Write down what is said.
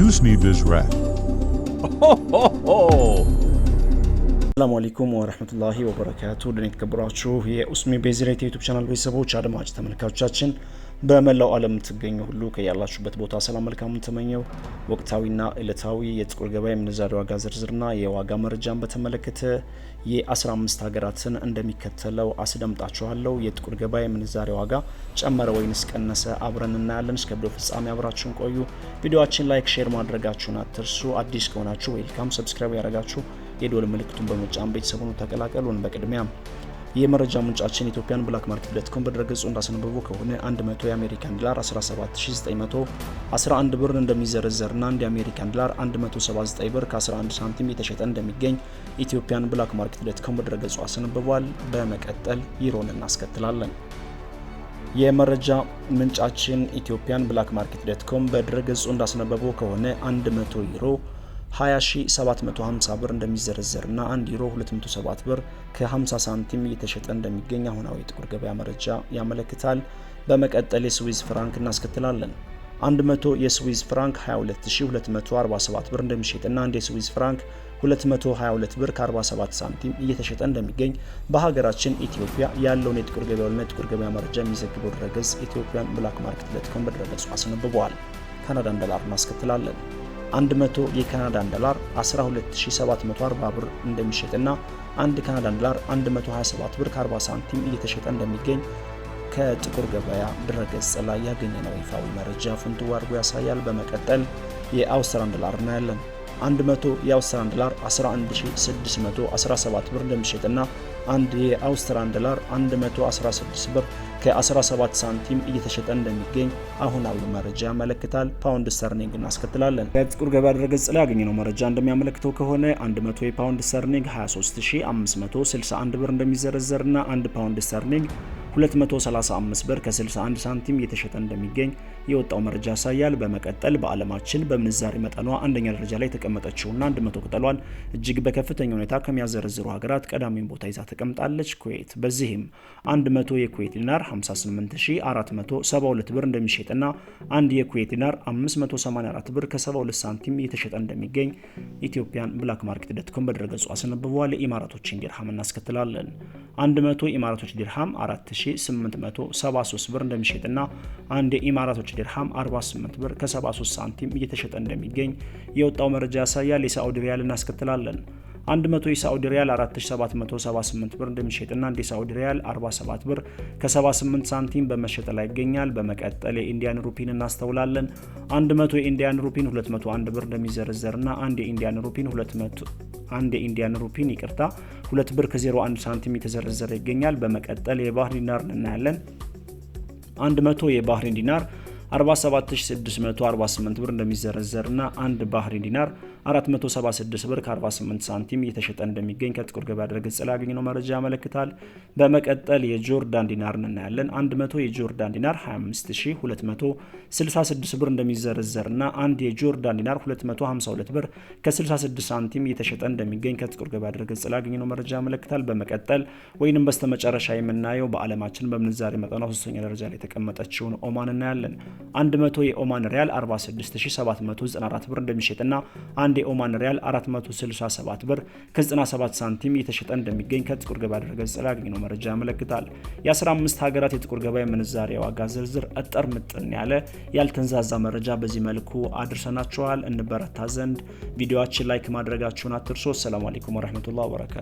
you sneeze this rat. Assalamu alaikum wa rahmatullahi wa barakatuh. Dinit YouTube channel. We support Chadamaj Tamil Kauchachin. በመላው ዓለም የምትገኙ ሁሉ ከያላችሁበት ቦታ ሰላም መልካሙን ተመኘው። ወቅታዊና ዕለታዊ የጥቁር ገበያ የምንዛሪ ዋጋ ዝርዝርና የዋጋ መረጃን በተመለከተ የ15 ሀገራትን እንደሚከተለው አስደምጣችኋለሁ። የጥቁር ገበያ የምንዛሪ ዋጋ ጨመረ ወይንስ ቀነሰ? አብረን እናያለን። እስከ ብዶ ፍጻሜ አብራችሁን ቆዩ። ቪዲዮችን ላይክ፣ ሼር ማድረጋችሁን አትርሱ። አዲስ ከሆናችሁ ዌልካም፣ ሰብስክራይብ ያደረጋችሁ የዶል ምልክቱን በመጫን ቤተሰቡን ተቀላቀሉን። በቅድሚያ የመረጃ ምንጫችን ኢትዮጵያን ብላክ ማርኬት ዶትኮም ኮም በድረገጹ እንዳስነበቡ ከሆነ 100 የአሜሪካን ዶላር 17911 ብር እንደሚዘረዘርና አንድ የአሜሪካን ዶላር 179 ብር ከ11 ሳንቲም የተሸጠ እንደሚገኝ ኢትዮጵያን ብላክ ማርኬት ዶት ኮም በድረገጹ አስነብቧል። በመቀጠል ዩሮን እናስከትላለን። የመረጃ ምንጫችን ኢትዮጵያን ብላክ ማርኬት ዶትኮም ኮም በድረገጹ እንዳስነበበው ከሆነ 100 ዩሮ 20750 ብር እንደሚዘረዘርና 1 ዩሮ 207 ብር ከ50 ሳንቲም እየተሸጠ እንደሚገኝ አሁናዊ የጥቁር ገበያ መረጃ ያመለክታል። በመቀጠል የስዊዝ ፍራንክ እናስከትላለን። 100 የስዊዝ ፍራንክ 22247 ብር እንደሚሸጥና 1 የስዊዝ ፍራንክ 222 ብር ከ47 ሳንቲም እየተሸጠ እንደሚገኝ በሀገራችን ኢትዮጵያ ያለውን የጥቁር ገበያና የጥቁር ገበያ መረጃ የሚዘግበው ድረገጽ ኢትዮጵያን ብላክ ማርኬት ዶት ኮም በድረገጹ አስነብበዋል። ካናዳን ዶላር እናስከትላለን። 100 የካናዳን ዶላር 12740 ብር እንደሚሸጥና 1 ካናዳን ዶላር 127 ብር 40 ሳንቲም እየተሸጠ እንደሚገኝ ከጥቁር ገበያ ድረገጽ ላይ ያገኘነው ይፋዊ መረጃ ፍንትው አድርጎ ያሳያል። በመቀጠል የአውስትራን ዶላር እናያለን። 100 የአውስትራን ዶላር 11617 ብር እንደሚሸጥና አንድ የአውስትራን ዶላር 116 ብር ከ17 ሳንቲም እየተሸጠ እንደሚገኝ አሁናዊ መረጃ ያመለክታል። ፓውንድ ስተርሊንግ እናስከትላለን። ከጥቁር ገበያ ድረገጽ ላይ ያገኘነው መረጃ እንደሚያመለክተው ከሆነ 100 የፓውንድ ስተርሊንግ 23561 ብር እንደሚዘረዘርና 1 ፓውንድ ስተርሊንግ 235 ብር ከ61 ሳንቲም እየተሸጠ እንደሚገኝ የወጣው መረጃ ያሳያል። በመቀጠል በዓለማችን በምንዛሬ መጠኗ አንደኛ ደረጃ ላይ የተቀመጠችውና 100 ቅጠሏን እጅግ በከፍተኛ ሁኔታ ከሚያዘረዝሩ ሀገራት ቀዳሚውን ቦታ ይዛ ተቀምጣለች ኩዌት። በዚህም 100 የኩዌት ዲናር 58472 ብር እንደሚሸጥና አንድ የኩዌት ዲናር 584 ብር ከ72 ሳንቲም እየተሸጠ እንደሚገኝ ኢትዮጵያን ብላክ ማርኬት ዶትኮም በድረገጹ አስነብቧል። የኢማራቶችን ዲርሃም እናስከትላለን። 100 ኢማራቶች ዲርሃም 4 1873 ብር እንደሚሸጥና አንድ የኢማራቶች ድርሃም 48 ብር ከ73 ሳንቲም እየተሸጠ እንደሚገኝ የወጣው መረጃ ያሳያል። የሳዑዲ ሪያል እናስከትላለን። 100 የሳዑዲ ሪያል 4778 ብር እንደሚሸጥና አንድ የሳዑዲ ሪያል 47 ብር ከ78 ሳንቲም በመሸጥ ላይ ይገኛል። በመቀጠል የኢንዲያን ሩፒን እናስተውላለን። 100 የኢንዲያን ሩፒን 201 ብር እንደሚዘረዘርና አንድ የኢንዲያን ሩፒን 200 አንድ የኢንዲያን ሩፒን ይቅርታ ሁለት ብር ከ01 ሳንቲም የተዘረዘረ ይገኛል። በመቀጠል የባህሪን ዲናር እናያለን። 100 የባህሪን ዲናር 47648 ብር እንደሚዘረዘርና አንድ ባህሪ ዲናር 476 ብር ከ48 ሳንቲም እየተሸጠ እንደሚገኝ ከጥቁር ገበያ ድረገጽ ላይ ያገኘነው መረጃ ያመለክታል። በመቀጠል የጆርዳን ዲናርን እናያለን። 100 የጆርዳን ዲናር 25266 ብር እንደሚዘረዘርና አንድ የጆርዳን ዲናር 252 ብር ከ66 ሳንቲም እየተሸጠ እንደሚገኝ ከጥቁር ገበያ ድረገጽ ላይ ያገኘነው መረጃ ያመለክታል። በመቀጠል ወይንም በስተመጨረሻ የምናየው በዓለማችን በምንዛሬ መጠኗ ሶስተኛ ደረጃ ላይ የተቀመጠችውን ኦማን እናያለን። 100 የኦማን ሪያል 46794 ብር እንደሚሸጥና አንድ የኦማን ሪያል 467 ብር ከ97 ሳንቲም የተሸጠ እንደሚገኝ ከጥቁር ገበያ ድረገጽ ላይ ያገኘነው መረጃ ያመለክታል። የ15 ሀገራት የጥቁር ገበያ ምንዛሬ ዋጋ ዝርዝር እጥር ምጥን ያለ ያልተንዛዛ መረጃ በዚህ መልኩ አድርሰናችኋል። እንበረታ ዘንድ ቪዲዮችን ላይክ ማድረጋችሁን አትርሶ። ሰላም አለይኩም ወረህመቱላህ ወበረካቱ